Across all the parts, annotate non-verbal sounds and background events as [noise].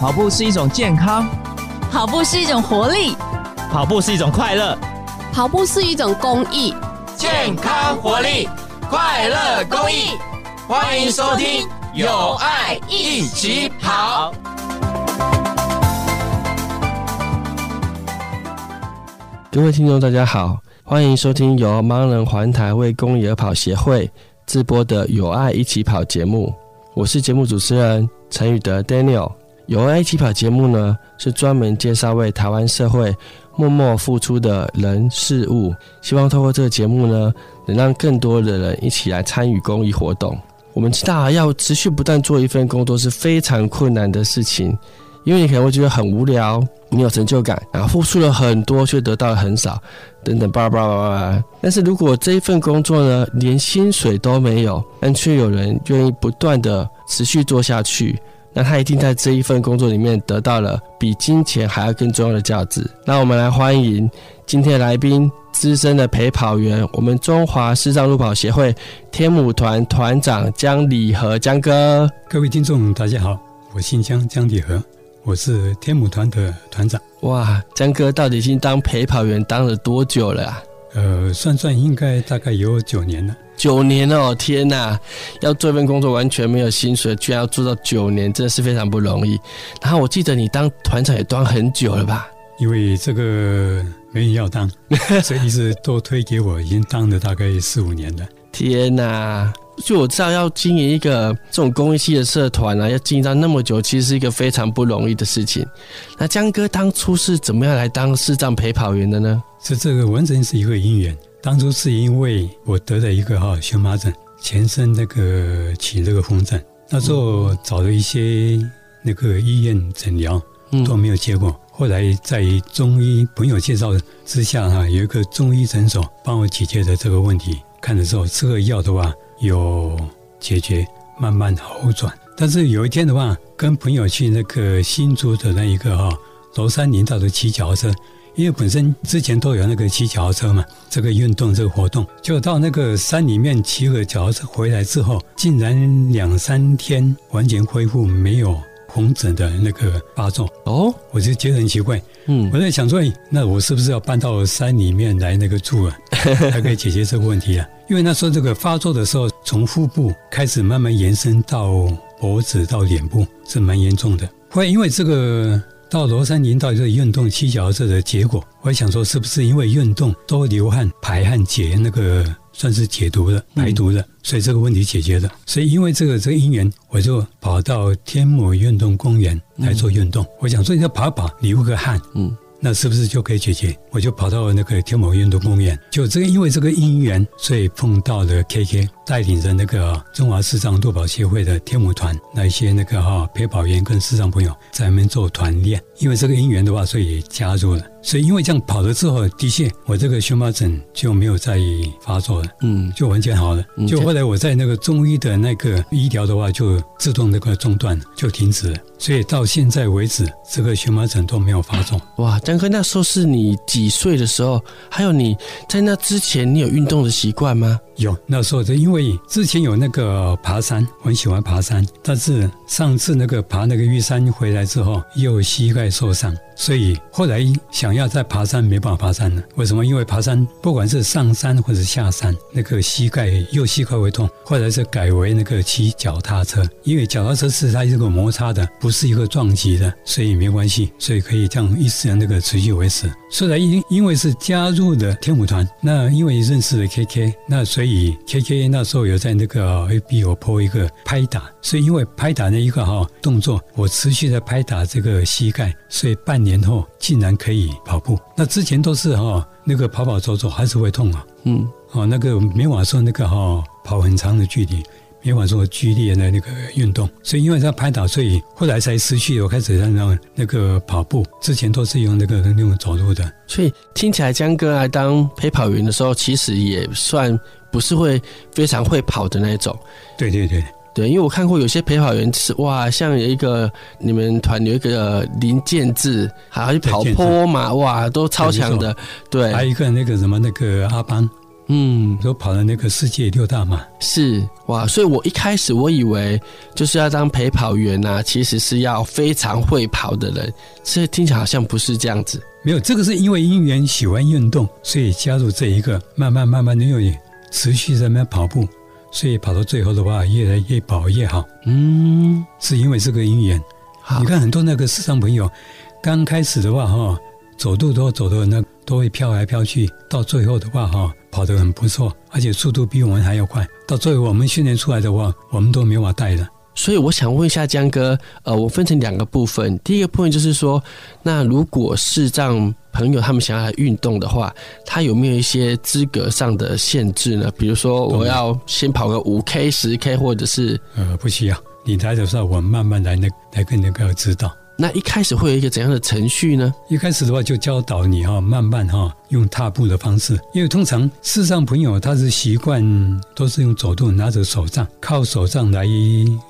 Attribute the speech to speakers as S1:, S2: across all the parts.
S1: 跑步是一種健康，
S2: 跑步是一種活力，
S1: 跑步是一種快樂，
S2: 跑步是一種公益。健康、
S1: 活力、快樂、公益，歡迎收聽《有愛一
S2: 起跑》。
S1: 各位聽眾，大家好，歡迎收聽由盲人環台為公益而跑協會製播的《有愛一起跑》節目，我是節目主持人陳宇德 Daniel。有愛益起跑節目呢，是專門介紹為台灣社會默默付出的人事物，希望透過這個節目呢，能讓更多的人一起來參與公益活動。我們知道，要持續不斷做一份工作是非常困難的事情，因為你可能會覺得很無聊，你有成就感，啊，付出了很多卻得到了很少，等等，吧。吧吧吧巴，但是如果這一份工作呢，連薪水都沒有，但卻有人願意不斷地持續做下去，那他一定在這一份工作裡面得到了比金錢還要更重要的價值。那我們來歡迎今天來賓，資深的陪跑員，我們中華西藏路跑協會天母團團長江禮和江哥。各位聽眾，大
S2: 家好，我姓江，江禮和，我是天母團的團長。
S1: 哇，江哥到底已經當陪跑員當了多久了、啊？
S2: 呃，算算應該大概有九年了。
S1: 九年哦，天哪！要做一份工作完全沒有薪水，居然要做到九年，真的是非常不容易。然後我記得你當團長也當很久了吧？因為
S2: 這個沒人要當，所以是都推給我， [laughs] 已經當了大概四五年了。天哪！
S1: 就我知道，要經營一個這種公益系的社團啊，要經營到那麼久，其實是一個非常不容易的事情。那姜哥當初是怎麼樣來當視障陪跑員的呢？
S2: 是這個，完全是一個因緣。當初是因為我得了一個哈蕁麻疹，全身那個起那個風疹，那時候找了一些那個醫院診療都沒有結果，後來在中醫朋友介紹之下哈，有一個中醫診所幫我解決了這個問題。看的時候吃了藥的話。有解決，慢慢好轉。但是有一天的話，跟朋友去那個新竹的那一個哈、哦，樓山林道的騎腳踏車，因為本身之前都有那個騎腳踏車嘛，這個運動這個活動，就到那個山裡面騎個腳踏車回來之後，竟然兩三天完全恢復沒有。紅疹的那個發作哦，我就覺得很奇怪，嗯，我在想說，那我是不是要搬到山裡面來那個住啊，才可以解決這個問題啊？因為那時候這個發作的時候，從腹部開始慢慢延伸到脖子到臉部，是蠻嚴重的。會因為這個到羅山林到這個運動七小時的結果，我想說是不是因為運動多流汗排汗解那個。算是解毒的，排毒的，嗯、所以這個問題解決了。所以因為這個這個因緣，我就跑到天母運動公園來做運動。嗯、我想說，你再跑跑，流個汗，嗯，那是不是就可以解決？我就跑到那個天母運動公園，嗯、就這個因為這個因緣，所以碰到了 KK 帶領着那個、啊、中華西藏徒寶協會中華視障路跑協會的天母團，那一些那個哈、啊、陪跑員跟市場視障朋友在那邊做團練。因為這個因緣的話，所以也加入了，所以因為這樣跑了之後，的確，我這個蕁麻疹就沒有再發作了，嗯，就完全好了。嗯，就後來我在那個中醫的那個醫療的話，就自動那個中斷，就停止了。所以到現在為止，這個蕁麻疹都沒有發作。哇，姜哥，那時
S1: 候是你幾歲的時候？還有你在那之前，你有運動的習慣嗎？
S2: 有，那時候，是因為之前有那個爬山，我很喜歡爬山，但是上次那個爬那個玉山回來之後，右膝蓋受傷。所以後來想要再爬山沒辦法爬山了，為什麼？因為爬山不管是上山或者下山，那個膝蓋右膝蓋會痛。後來是改為那個騎腳踏車，因為腳踏車是它一個摩擦的，不是一個撞擊的，所以沒關係，所以可以這樣一直那個持續維持。雖然因因為是加入的天母團，那因為認識了 KK，那所以 KK 那時候有在那個 AB 我潑一個拍打，所以因為拍打那一個哈、哦、動作，我持續的拍打這個膝蓋，所以半年。年後竟然可以跑步，那之前都是哈、哦、那個跑跑走走還是會痛啊，
S1: 嗯，
S2: 哦那個沒法說那個哈、哦、跑很長的距離，沒法說劇烈的那個運動，所以因為他拍打，所以後來才失去。我開始讓讓、那個、那個跑步，之前都是用那個那種走路的。
S1: 所以聽起來姜哥來當陪跑員的時候，其實也算不是會非常會跑的那種。對對對。對，因為我看過有些陪跑員是哇，像有一個你們團有一個林建志，還去對跑坡嘛，對哇，
S2: 都超強的。對，還有一個那個什麼那個阿邦，嗯，都跑了那個世界六大嘛。
S1: 是哇，所以我一開始我以為就是要當陪跑員吶、啊，其實是要非常會跑的人，所以聽起來好像不是這樣子。
S2: 沒有，這個是因為姻緣喜歡運動，所以加入這一個，慢慢慢慢的用，持續在那跑步。所以跑到最後的話，越來越跑越好。嗯，是因為這個因緣。好你看很多那個視障朋友，剛開始的話哈，走路都走的那都會飄來飄去，到最後的話哈，跑得很不錯，而且速度比我們還要快。到最後我們訓練出來的話，我們都沒法帶了。
S1: 所以我想問一下姜哥，呃，我分成兩個部分。第一個部分就是說，那如果是視障朋友，他們想要來運動的話，他有沒有一些資格上的限制呢？比如說，我要
S2: 先跑個五 K、十 K，或者是呃，不需要。你來的時候，我慢慢來、那個、來跟那來更能夠指導。那一開始會有一個怎樣的程序呢？一開始的話，就教導你哈、哦，慢慢哈、哦，用踏步的方式，因為通常視障朋友他是習慣都是用走路，拿着手杖，靠手杖來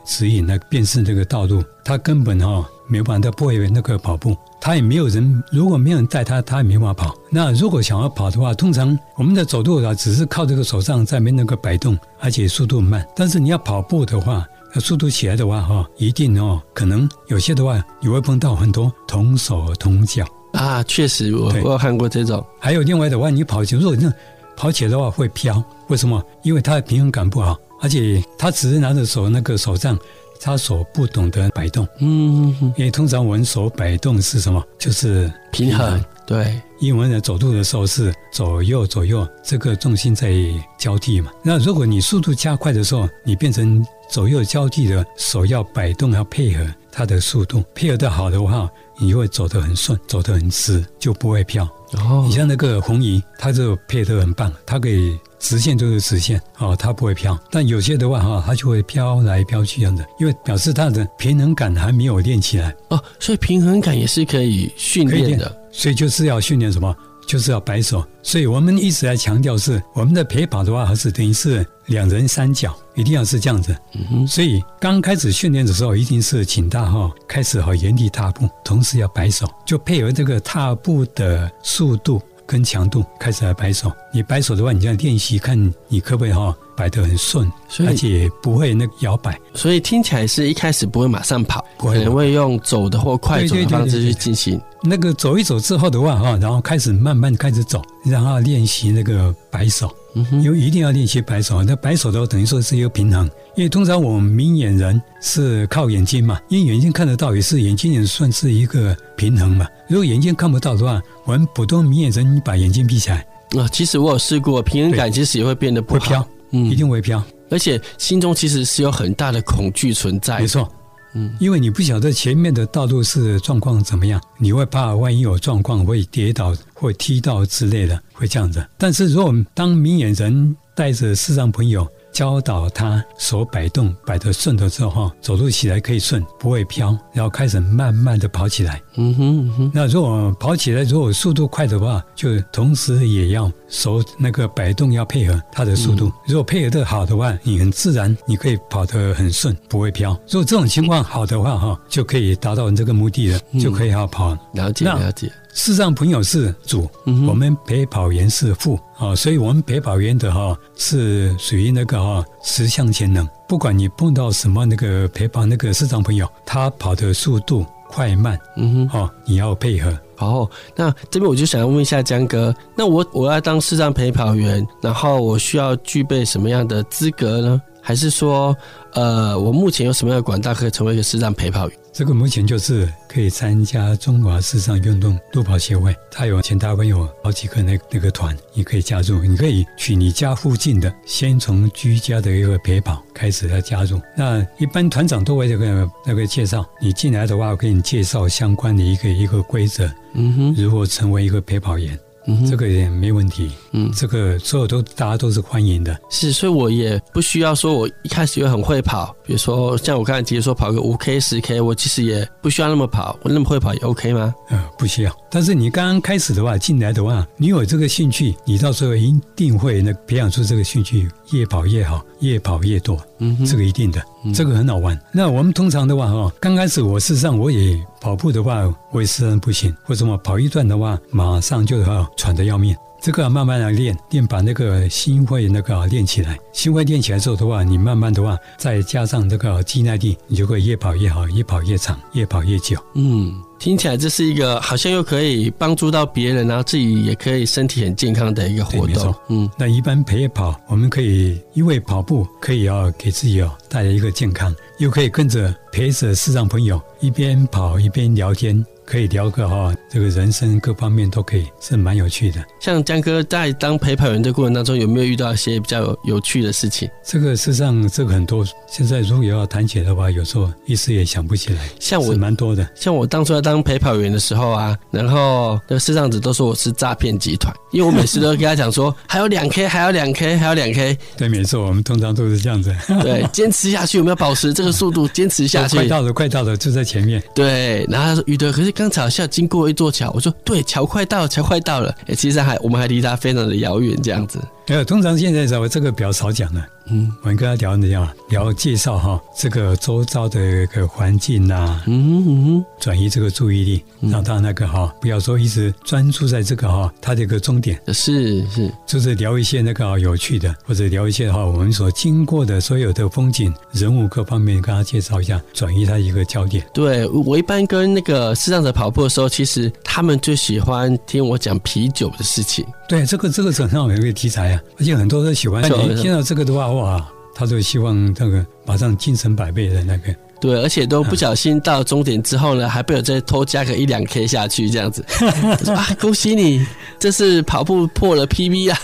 S2: 指引來辨識這個道路。他根本哈、哦，沒辦法不會那個跑步，他也沒有人，如果沒有人帶他，他也沒法跑。那如果想要跑的話，通常我們的走路啊，只是靠這個手杖在那那個擺動，而且速度慢。但是你要跑步的話。速度起來的話，哈，一定哦，可能有些的話，你會碰到很多同手同腳啊，確實我對我看過這種。還有另外的話，你跑起如果那跑起來的話會飄，為什麼？因為他的平衡感不好，而且他只是拿着手那個手杖，他手不懂得擺動。嗯，嗯，因為通常我們手擺動是什麼？就是平衡。平衡，對。因為呢，走路的時候是左右左右，這個重心在交替嘛。那如果你速度加快的時候，你變成左右交替的手要擺動要配合它的速度，配合的好的話，你就會走得很順，走得很直，就不會飄。哦。你像那個紅姨，它就配合很棒，它可以直線就是直線，哦，它不會飄。但有些的話哈，它就會飄來飄去這樣子，因為表示它的平衡感還沒有練起來。哦，所以平衡感也是可以訓練的。可以練。所以就是要訓練什麼？就是要擺手。所以我們一直在強調是我們的陪跑的話，還是等於是兩人三腳，一定要是這樣子。嗯、哼所以剛開始訓練的時候，一定是請大哈開始和原地踏步，同時要擺手，就配合這個踏步的速度跟強度開始來擺手。你擺手的話，你就要練習，看你可不可以哈。擺得很順，以而且不會那搖擺，
S1: 所以聽起來是一開始不會馬上跑，可能會用走的或快走的方式去進行。對對
S2: 對對。那個走一走之後的話，啊，然後開始慢慢開始走，然後練習那個擺手，嗯哼，因為一定要練習擺手。那擺手的等於說是一個平衡，因為通常我們明眼人是靠眼睛嘛，因為眼睛看得到也是眼睛也算是一個平衡嘛。如果眼睛看不到的話，我們普通明眼人你把眼睛閉起來
S1: 啊、哦。其實我有試過，平衡感其實也會變得不好。
S2: 嗯、一定會飄，而且心中其實是有很大的恐懼存在。沒錯，嗯，因為你不曉得前面的道路是狀況怎麼樣，你會怕萬一有狀況會跌倒、會踢到之類的，會這樣子。但是如果當明眼人帶着視障朋友。教導他手擺動擺得順了之後，走路起來可以順，不會飄。然後開始慢慢的跑起來。嗯哼嗯哼。那如果跑起來，如果速度快的話，就同時也要手那個擺動要配合它的速度。嗯、如果配合得好的話，你很自然，你可以跑得很順，不會飄。如果這種情況好的話哈，嗯、就可以達到這個目的了，嗯、就可以好跑。了解了，那了解了。視障朋友是主，我們陪跑員是副啊，嗯、哼所以我們陪跑員的哈是屬於那個哈十項全能，不管你碰到什麼那個陪跑那個視障朋友，他跑的速度快慢，嗯哼，你要配合。好，那這邊我就
S1: 想要問一下姜哥，那我我要當視障陪跑員，然後我需要具備什麼樣的資格呢？還是說，呃，我目前有什麼樣的管道可以成為一個視障陪
S2: 跑員？這個目前就是可以參加中華視障運動路跑協會，他有全台灣有好幾個那個、那個團，你可以加入。你可以去你家附近的，先從居家的一個陪跑開始來加入。那一般團長都會這、那個那個介紹，你進來的話，我給你介紹相關的一個一個規則，嗯哼，如何成為一個陪跑員。嗯，這個也沒問題。嗯，這個所有都大家都是歡迎的。是，所
S1: 以我也不需要說，我一開始就很會跑。比如說，像我剛才直接說跑個五 K、十 K，
S2: 我其實也不需要那麼跑。
S1: 我那麼會跑也
S2: OK 嗎？嗯、呃，不需要。但是你剛剛開始的話，進來的話，你有這個興趣，你到時候一定會那培養出這個興趣，越跑越好，越跑越多。嗯哼，這個一定的，這個很好玩。嗯、那我們通常的話，哈，剛開始我事實上我也。跑步的話，我私人不行，為什麼跑一段的話，馬上就要喘得要命。這個慢慢的練，練把那個心肺那個練起來。心肺練起來之後的話，你慢慢的話，再加上這個肌耐力，你就會越跑越好，越跑越長，越跑越久。嗯，
S1: 聽起來這是一個好像又可以幫助到別人，啊，
S2: 然後自己也可以身體很健康的一個活動。嗯，那一般陪跑，我們可以因為跑步可以要，啊，給自己哦，啊，帶來一個健康，又可以跟着陪着視障朋友一邊跑一邊聊天。可以聊個哈、哦，這個人生各方面都可以，是蠻有趣的。
S1: 像姜哥在當陪跑員的過程當中，有沒有遇到一些比較有，有趣的事情？
S2: 這個事上，這個很多。現在如果要談起的話，有時候一時也想不起來。像我是蠻多的。像我當初要當陪跑員的時候啊，然後這世上子都說
S1: 我是詐騙集團，因為我每次都跟他講說 [laughs] 還有兩 k，還有兩 k，還有兩 k。對，沒錯，我們通常都是這樣子。 [laughs] 對，堅持下去，我們要保持這個速度，堅持下去。 [laughs] 快到了，快到
S2: 了，就在前面。
S1: 對，然後他說：“雨德可是。”剛才好像經過一座橋，我說，對，橋快到，橋快到了，哎、欸，其實還我們還離它非常的遙遠，這樣子。
S2: 有，通常現在是吧？這個比較少講了。嗯，我們跟他聊，你知道嗎？聊介紹哈，這個周遭的一個環境吶、啊嗯。嗯嗯，轉移這個注意力，讓他、嗯、那個哈，不要說一直專注在這個哈，他的一個終點是是，是就是聊一些那個有趣的，或者聊一些哈，我們所經過的所有的風景、人物各方面，跟他介紹一下，轉移他一個焦點。
S1: 對我一般跟那個視障者跑步的時候，其實他們最喜歡聽我講啤酒的事情。
S2: 對，這個這個是很好、嗯、 [laughs] 一個題材啊。而且很多人喜歡，聽到這個的話哇，他就希望這個馬上精神百倍的那個。
S1: 對，而且都不小心到終點之後呢，啊、還被我再偷加個一兩 k 下去這樣子 [laughs] 說啊！恭喜你，這是跑步破了 PB 啊！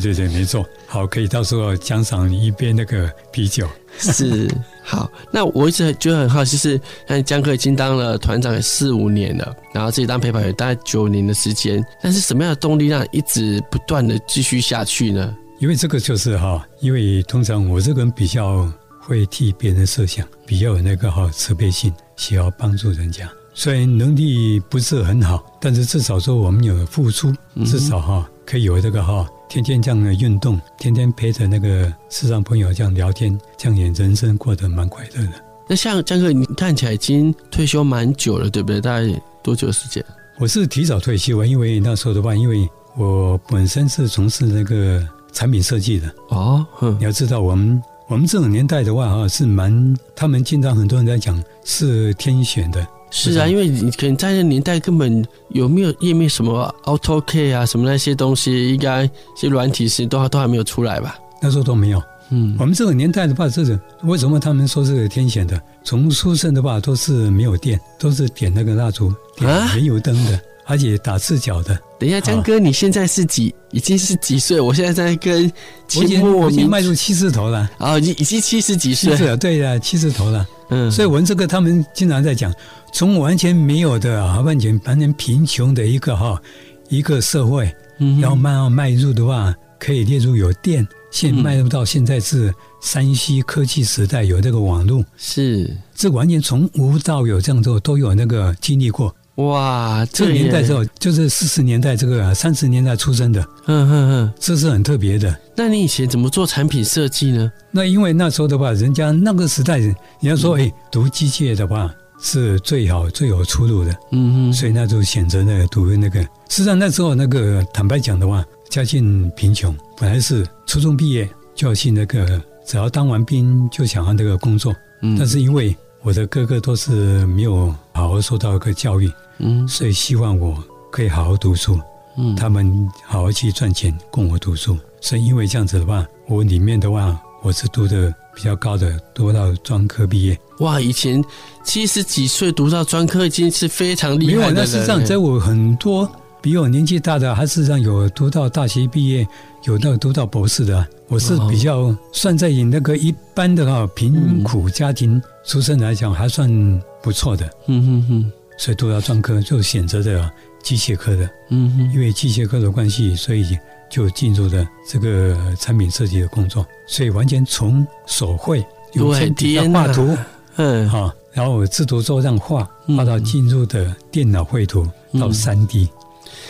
S2: 對對對，沒錯。好，可以到時候獎賞你一杯那個啤酒。是，好。
S1: 那我一直覺得很好奇，是，那姜哥已經當了團長四五年了，然後自己當陪跑員大概九年的時間，但是什麼樣的動力讓一直不斷的繼續下去呢？
S2: 因為這個就是哈，因為通常我這個人比較會替別人設想，比較有那個哈慈悲心，需要幫助人家。雖然能力不是很好，但是至少說我們有付出，至少哈可以有這個哈。天天這樣的運動，天天陪着那個視障朋友這樣聊天，這樣也人生過得蠻快樂的。
S1: 那像姜哥，你看起來已經退休蠻久了，對不對？大概多久時間？
S2: 我是提早退休，因為那時候的話，因為我本身是從事那個產品設計的哦。嗯，你要知道我，我們我們這種年代的話啊，是蠻他們經常很多人在講是天選的。
S1: 是啊，因為你可能在那年代根本有沒有頁面什麼 a u t o k 啊什麼那些東西，應該一些軟體是都還都還沒有出來吧？
S2: 那時候都沒有。嗯，我們這個年代的話，這種、個，為什麼他們說這個天險的？從出生的話都是沒有電，都是點那個蠟燭、點煤油燈的，啊、而且打赤腳的。等一下，姜哥，哦、你現在是幾？已經是幾歲？我現在在跟過我，我已經邁入七十頭了啊、哦！已經已經七十幾歲了，對啊，七十頭了。嗯，所以我們這個他們經常在講。從完全沒有的啊，完全完全貧窮的一個哈一個社會，嗯哼，然後慢慢邁入的話，可以列入有電，現在邁入到現在是 3C 科技時代，有這個網絡，是這完全從無到有這樣做都有那個經歷過。哇，這年代的時候就是四十年代，這個三十年代出生的，嗯嗯嗯，這是很特別的。那你以前怎麼做產品設計呢？那因為那時候的話，人家那個時代人，你要說誒讀機械的話。是最好最有出路的，嗯哼，所以那就選擇那個讀那個。實際上那時候那個坦白講的話，家境貧窮，本來是初中畢業就要去那個，只要當完兵就想要那個工作。嗯哼，但是因為我的哥哥都是沒有好好受到一個教育，嗯哼，所以希望我可以好好讀書，嗯，他們好好去賺錢供我讀書。所以因為這樣子的話，我裡面的話我是讀的。比較高的讀到專科畢業，哇！以前七十幾
S1: 歲讀到專科已經是非常厲害了。事實上，在
S2: 我很多比我年紀大的，還事實上有讀到大學畢業，有到讀到博士的。我是比較算在以那個一般的哈貧苦家庭出身來講，嗯、還算不錯的。嗯哼哼，所以讀到專科就選擇的啊、機械科的。嗯哼，因為機械科的關係，所以。就進入的這個產品設計的工作，所以完全從手繪，有很低。底下畫圖，嗯，好，然後製圖桌上畫，畫到進入的電腦繪圖到三 D，、嗯、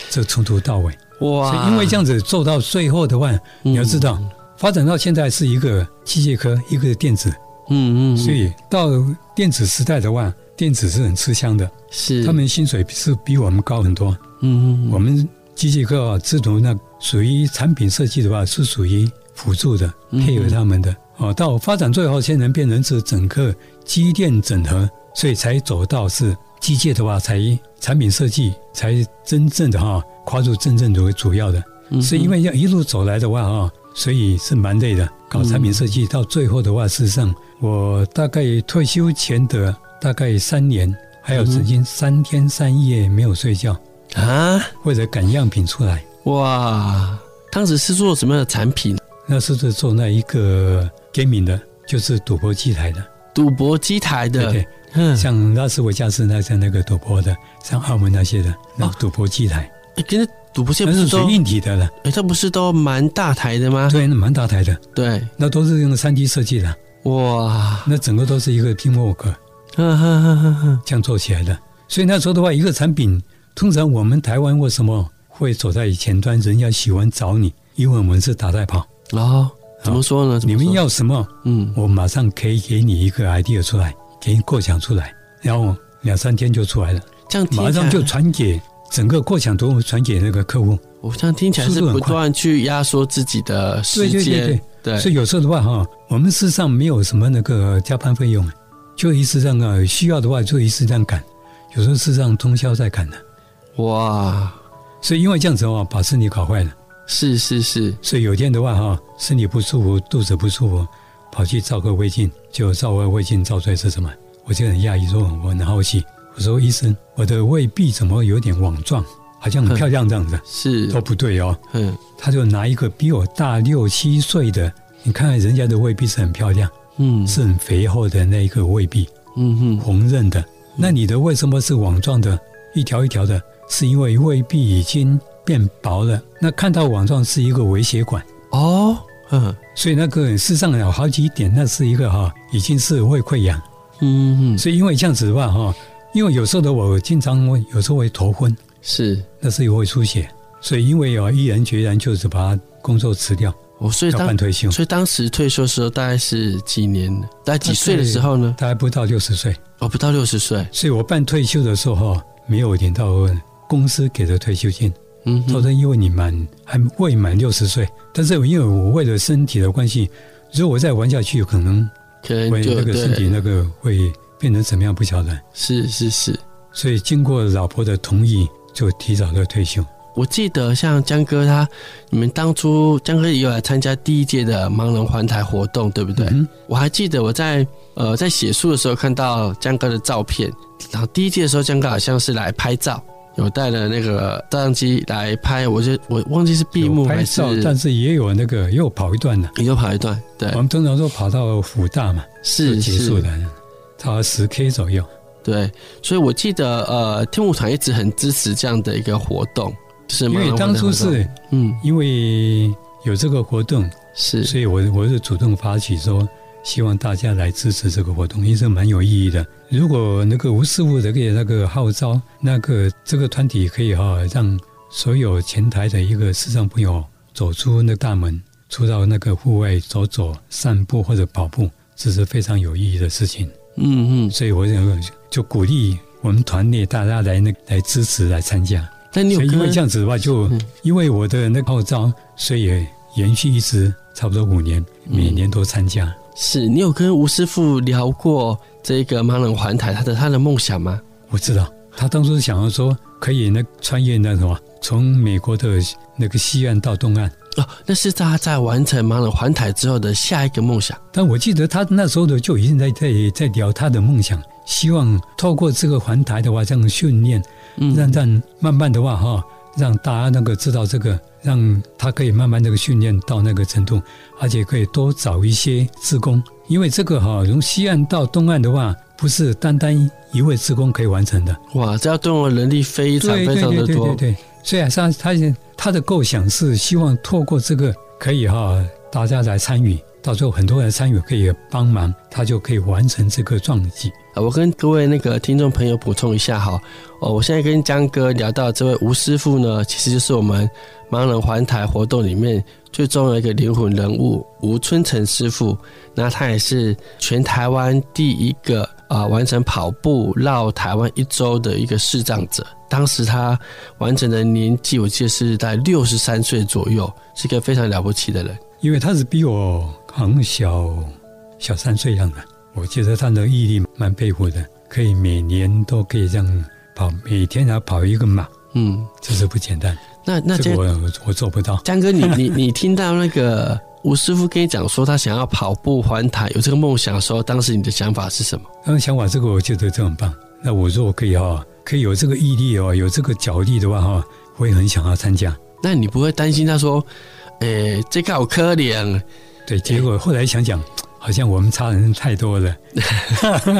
S2: 這從頭到尾哇！因為這樣子做到最後的話，嗯、你要知道，發展到現在是一個機械科，一個電子，嗯嗯，嗯所以到電子時代的話，電子是很吃香的，是他們薪水是比我們高很多，嗯，我們機械科製、啊、圖那。屬於產品設計的話，是屬於輔助的，配合他們的。哦、嗯哼，到發展最後，才能變成是整個機電整合，所以才走到是機械的話，才產品設計才真正的哈跨入真正的為主要的。所以、嗯、哼因為要一路走來的話，哈，所以是蠻累的。搞產品設計到最後的話，事實上我大概退休前的大概三年，還有曾經三天三夜沒有睡覺啊，為了趕樣品出來。哇！當時是做什麼樣的產品？那是不是做那一個 gaming 的，就是賭博機台的。賭博機台的，對，對，嗯，像拉斯維加斯，那像那個賭博的，像澳門那些的，那個、賭博機台。哎、啊，欸、賭博機台是屬於硬體的了。哎、欸，這不是都蠻大台的嗎？欸、的嗎，對，那蠻大台的。對，那都是用三 D 設計的。哇！那整個都是一個 teamwork，哈哈哈！啊啊、這樣做起來的。所以那時候的話，一個產品，通常我們台灣為什麼？會走在前端，人家喜歡找你，因為我們是打帶跑。然後、哦、怎麼說呢？說呢，你們要什麼？嗯，我馬上可以給你一個 idea 出來，給你過獎出來，然後兩三天就出來了。這樣聽起來馬上就傳給整個過程，傳給那個客戶。我這樣聽起來是不
S1: 斷去壓縮自己的時間。對對對，對，對，對，所以
S2: 有時候的話哈，我們事實上沒有什麼那個加班費用，就一次這樣需要的話，就一次這樣趕。有時候是這樣通宵在趕的，哇！所以因為這樣子的、哦、話，把身體搞壞了。是是是，是是。所以有天的話哈、哦，身體不舒服，肚子不舒服，跑去照個胃鏡，就照完胃鏡照出來是什麼？我就很訝異，說我很好奇，我說醫生，我的胃壁怎麼有點網狀，好像很漂亮這樣子？是都不對哦。嗯哼，他就拿一個比我大六七歲的，你看看人家的胃壁是很漂亮，嗯，是很肥厚的那一個胃壁，嗯哼，紅潤的，嗯、那你的為什麼是網狀的，一條一條的？是因為胃壁已經變薄了，那看到網上是一個微血管哦，嗯，所以那個事實上有好幾點，那是一個哈，已經是胃潰瘍，嗯，所以因為這樣子的話哈，因為有時候的我經常會有時候會頭昏，是，那是因為會出血，所以因為有毅然決然就是把他工作辭掉，我、哦、所以半退休，所以當時退休的
S1: 時候大概是幾年？大概幾歲的時候
S2: 呢？大概不到六十歲，哦，不到六十歲，所以我半退休的時候沒有點到昏。公司給的退休金，嗯哼，都是因為你滿還未滿六十歲，但是因為我為了身體的關係，如果我再玩下去，可能，可能那個身體那個會變成什麼樣不曉得。是是是，是是，所以經過老婆的同意，就提早的退休。我記得
S1: 像姜哥他，你們當初姜哥也有來參加第一屆的盲人環台活動，對不對？嗯、我還記得我在呃在寫書的時候看到姜哥的照片，然後第一屆的時候姜哥好像是來拍照。有帶了那個照相機來拍，我就我忘記是閉幕還是拍照，但是
S2: 也有那個又跑一段了，又跑一段。對，我們通常說跑到輔大嘛，是，是結束的，跑十 K 左右。對，
S1: 所以我記得，呃，天母團一直很支持這樣的一個活動，是嗎？因為當初是，
S2: 嗯，因為有這個活動，是、嗯，所以我我是主動發起說。希望大家來支持這個活動，也是蠻有意義的。如果那個吳師傅的那個號召，那個這個團體可以哈、哦，讓所有前台的一個視障朋友走出那個大門，出到那個戶外走走、散步或者跑步，這是非常有意義的事情。嗯嗯，所以我想就，就鼓勵我們團隊大家來那來支持來參加。但你有因為這樣子的話就，就、嗯、因為我的那個號召，所以也延續一直差不多五年，每年都參加。
S1: 是你有跟吳師傅聊過這個盲人環台他的他的夢想
S2: 嗎？我知道他當初是想要說可以那穿越那什麼，從美國的那個西岸到東岸哦。那是他在完成盲人環台之後的下一個夢想。但我記得他那時候的就已經在在在聊他的夢想，希望透過這個環台的話，這樣訓練，讓讓慢慢的話哈、哦，讓大家能夠知道這個。讓他可以慢慢這個訓練到那個程度，而且可以多找一些志工，因為這個哈，從西岸到東岸的話，不是單單一位志工可以完成的。
S1: 哇，這要動的能力非常非常的多。對對對對，對，對，對。
S2: 所以啊，他他的構想是希望透過這個可以哈，大家來參與，到時候很多人參與可以幫忙，他就可以完成這個壯舉。
S1: 啊，我跟各位那個聽眾朋友補充一下哈，哦，我現在跟姜哥聊到這位吳師傅呢，其實就是我們盲人環台活動裡面最重要的一個靈魂人物吳春城師傅。那他也是全台灣第一個啊、呃、完成跑步繞台灣一周的一個視障者。當時他完成的年紀，我記得是在六十三歲左右，是一個非常了不起的人，
S2: 因為他是比我好像小小三歲一樣的。我覺得他的毅力蠻佩服的，可以每年都可以這樣跑，每天要跑一個馬，嗯，這是不簡單那。那那我我做不到。姜哥，
S1: 你你你你聽到那個吳師傅跟你講說他想要跑步環台，有這個夢想的時候，當時你的想法是什麼？
S2: 當時、嗯、想法，這個我覺得這很棒。那我說我可以哈、哦，可以有這個毅力哦，有這個腳力的話哈、哦，我也很想要參加。那你不會擔心他說，誒、欸，這個好可憐。對，結果後來想想。欸好像我們差的人太多了，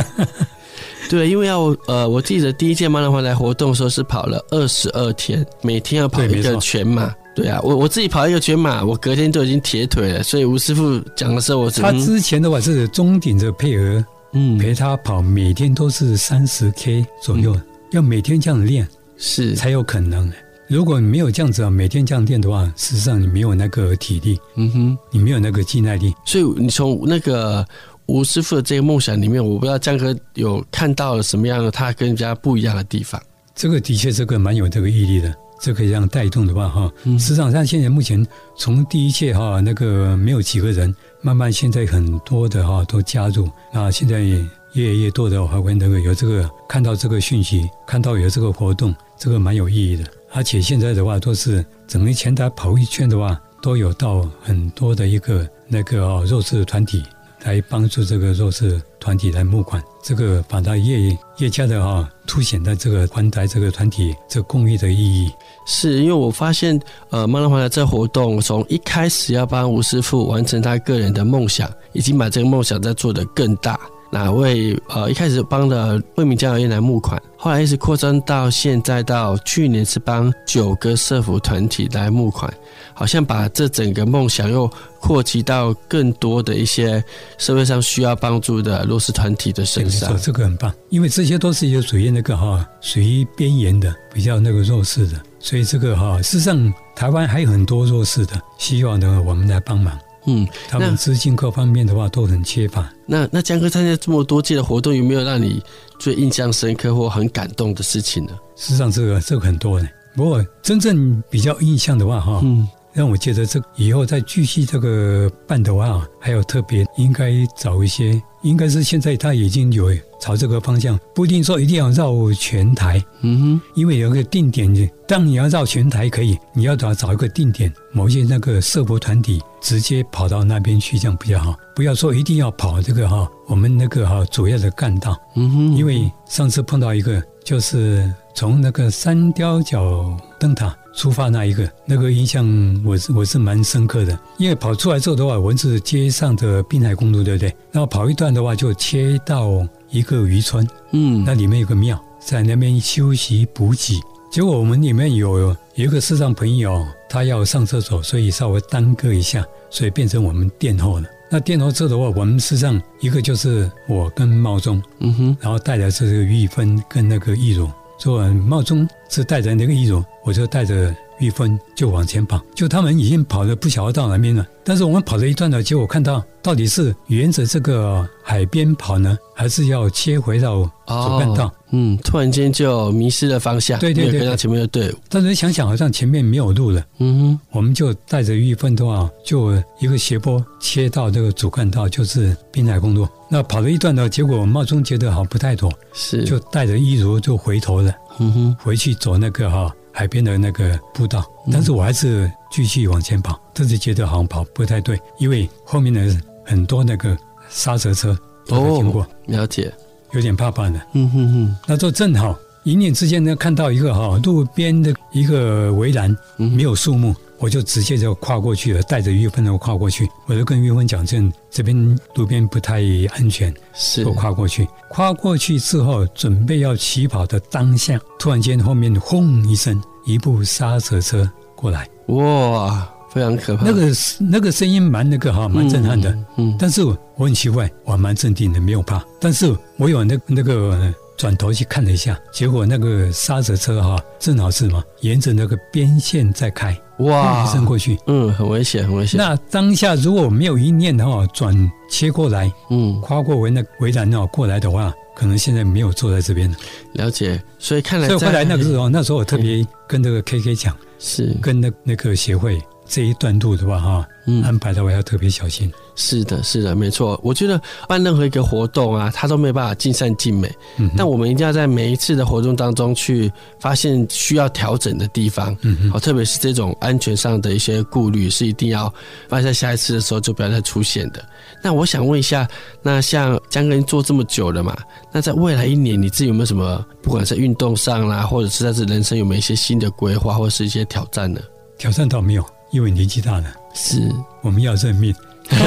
S1: [laughs] 對，因為要呃，我記得第一屆馬拉松來活動的時候是跑了二十二天，每天要跑一個全馬。對,對啊，我我自己跑一個全馬，我隔天就已經鐵腿了。所以吳師傅講的時候我，我、嗯、他之
S2: 前的話是中頂的配合，嗯，陪他跑每天都是三十 K 左右，嗯、要每天這樣練是才有可能。如果你沒有這樣子啊，每天這樣練的話，事實上你沒有那個體力，嗯哼，你沒有那個肌耐力。所以你從
S1: 那個吳師傅的這個夢想裡面，我不知道姜哥有看到了什麼樣的他
S2: 跟人家不一樣的地方。這個的確，這個蠻有這個毅力的，這可、個、這樣帶動的話，哈、哦，市場、嗯、哼上現在目前從第一屆哈、哦、那個沒有幾個人，慢慢現在很多的哈、哦、都加入，啊，現在越來越多的哈，聞那個有這個看到這個訊息，看到有這個活動，這個蠻有意義的。而且現在的話，都是整個全台跑一圈的話，都有到很多的一個那個弱勢團體來幫助這個弱勢團體來募款，這個把它越越加的哈，凸顯在這個全台這個團體這公益的意義。
S1: 是因為我發現，呃，曼浪環台這活動從一開始要幫吳師傅完成他個人的夢想，已經把這個夢想再做得更大。哪位？呃，一開始幫了為民加油站來募款，後來一直擴張到現在到去年是幫九個社福團體來募款，好像把這整個夢想又擴及到更多的一些社會上需要幫助的弱勢團體的身上。這
S2: 個很棒，因為這些都是也屬於那個哈屬於邊緣的比較那個弱勢的，所以這個哈、哦、事實上台灣還有很多弱勢的希望呢，我們來幫忙。嗯，他們資金各方面的話都很缺乏。
S1: 那那姜哥參加這這麼多屆的活動，有沒有讓你最印象深刻或很感動的事情呢？
S2: 事實上，這個這個很多呢。不過真正比較印象的話，哈，嗯，讓我覺得這以後再繼續這個辦的話，嗯，還有特別應該找一些。應該是現在他已經有朝這個方向，不一定說一定要繞全台，嗯哼，因為有個定點的，但你要繞全台可以，你要找找一個定點，某些那個社福團體直接跑到那邊去這樣比較好，不要說一定要跑這個哈，我們那個哈主要的幹道，嗯哼，因為上次碰到一個。就是從那個三貂角燈塔出發那一個，那個印象我是我是蠻深刻的。因為跑出來之後的話，我們是街上的濱海公路對不對？然後跑一段的話，就切到一個漁村，嗯，那裡面有個廟，在那邊休息補給。結果我們裡面有有一個視障朋友，他要上廁所，所以稍微耽擱一下，所以變成我們殿後了。那電動車的話，我們實際上一個就是我跟茂忠，嗯、哼然後帶着是這個玉芬跟那個逸茹，說茂忠是帶着那個逸茹，我就帶着。玉芬就往前跑，就他們已經跑的不曉得到哪邊了。但是我們跑了一段的，結果看到到底是沿着這個海邊跑呢，還是要切回到主幹道？哦、
S1: 嗯，突然間就迷失了方向，對對對，沒有看到
S2: 前面的隊伍。但是想想好像前面沒有路了。嗯哼，我們就帶着玉芬的話，就一個斜坡切到這個主幹道，就是濱海公路。那跑了一段的，結果冒充覺得好像不太妥，是就帶着一如就回頭了。嗯哼，回去走那個哈、哦。海邊的那個步道，但是我還是繼續往前跑，自己覺得好像跑不太對，因為後面呢，很多那個剎車車都經過，哦，了解，有點怕怕的。嗯哼
S1: 哼，
S2: 那就正好一念之間呢，看到一個哈路邊的一個圍欄，沒有樹木。嗯我就直接就跨過去了，帶着玉芬都跨過去。我就跟玉芬講：“這這邊路邊不太安全，是，我跨過去。跨過去之後，準備要起跑的當下，突然間後面轟一聲，一部剎車車過來，哇，非常可怕。那個那個聲音蠻那個哈，蠻震撼的。嗯，嗯，但是我很奇怪，我蠻鎮定的，沒有怕。但是我有那個、那個轉頭去看了一下，結果那個剎車車哈，正好是嘛，沿着那個邊線在開。”
S1: 哇，伸過去，嗯，很危險，很危險。那
S2: 當下如果沒有一念的、哦、話，轉切過來，嗯，跨過圍那圍欄哦過來的話，可能現在沒有坐在這邊。了解，所以看來，所以後來那個時候，嘿那時候我特別跟這個 KK 講，是跟那那個協會。這一段路對吧？哈，嗯，安排的，我要特別小心，嗯。
S1: 是的，是的，沒錯。我覺得辦任何一個活動啊，它都沒辦法盡善盡美。嗯哼，但我們一定要在每一次的活動當中去發現需要調整的地方。嗯哼，哦，特別是這種安全上的一些顧慮，是一定要發現下一次的時候就不要再出現的。那我想問一下，那像姜哥您做這麼久了嘛？那在未來一年，你自己有沒有什麼，不管是運動上啦，啊，或者是在是人生有沒有一些新的規劃，或者是一些挑戰呢？
S2: 挑戰倒沒有。因為年紀大了，是我們要認命， [laughs] [laughs]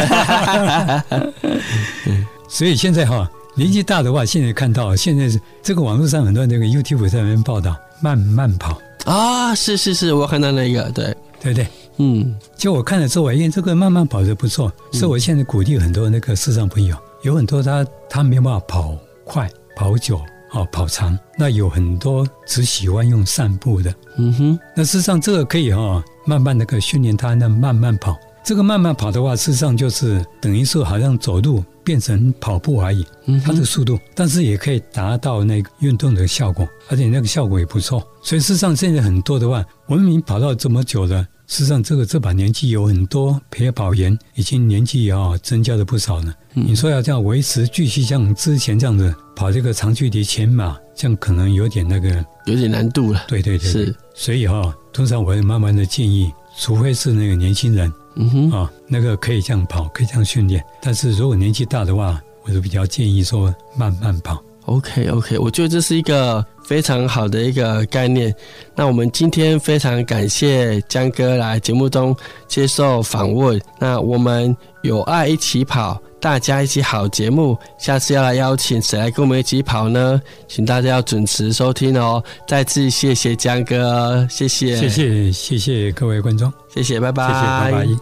S2: 嗯、所以現在哈、哦、年紀大的話，現在看到現在這個網絡上很多那個 YouTube 上面報道慢慢跑啊、哦，是是是，我看到那個，對對對，嗯，就我看了之後，因為這個慢慢跑的不錯，所以我現在鼓勵很多那個視障朋友，嗯、有很多他他沒有辦法跑快跑久啊、哦、跑長，那有很多只喜歡用散步的，嗯哼，那事實上這個可以哈、哦。慢慢那個訓練它呢，慢慢跑。這個慢慢跑的話，事實上就是等於說，好像走路變成跑步而已。嗯哼，它的速度，但是也可以達到那個運動的效果，而且那個效果也不錯。所以，事實上現在很多的話，文明跑到這麼久了。實際上，這個這把年紀有很多陪跑員，已經年紀啊、哦、增加了不少了。嗯，你說要這樣維持繼續像之前這樣子跑這個長距離全馬，這樣可能有點那個，
S1: 有點難度了。
S2: 對對對，是。所以哈、哦，通常我會慢慢的建議，除非是那個年輕人，嗯哼啊、哦，那個可以這樣跑，可以這樣訓練。但是如果年紀大的話，我就比較建議說慢慢跑。
S1: OK OK，我覺得這是一個。非常好的一個概念。那我們今天非常感謝姜哥來節目中接受訪問。那我們有愛益起跑，大家一起好節目。下次要來邀請誰來跟我們一起跑呢？請大家要準時收聽哦。再次謝謝姜哥，謝謝，謝謝，
S2: 謝謝各位
S1: 觀眾，謝謝，拜拜，謝謝，拜拜。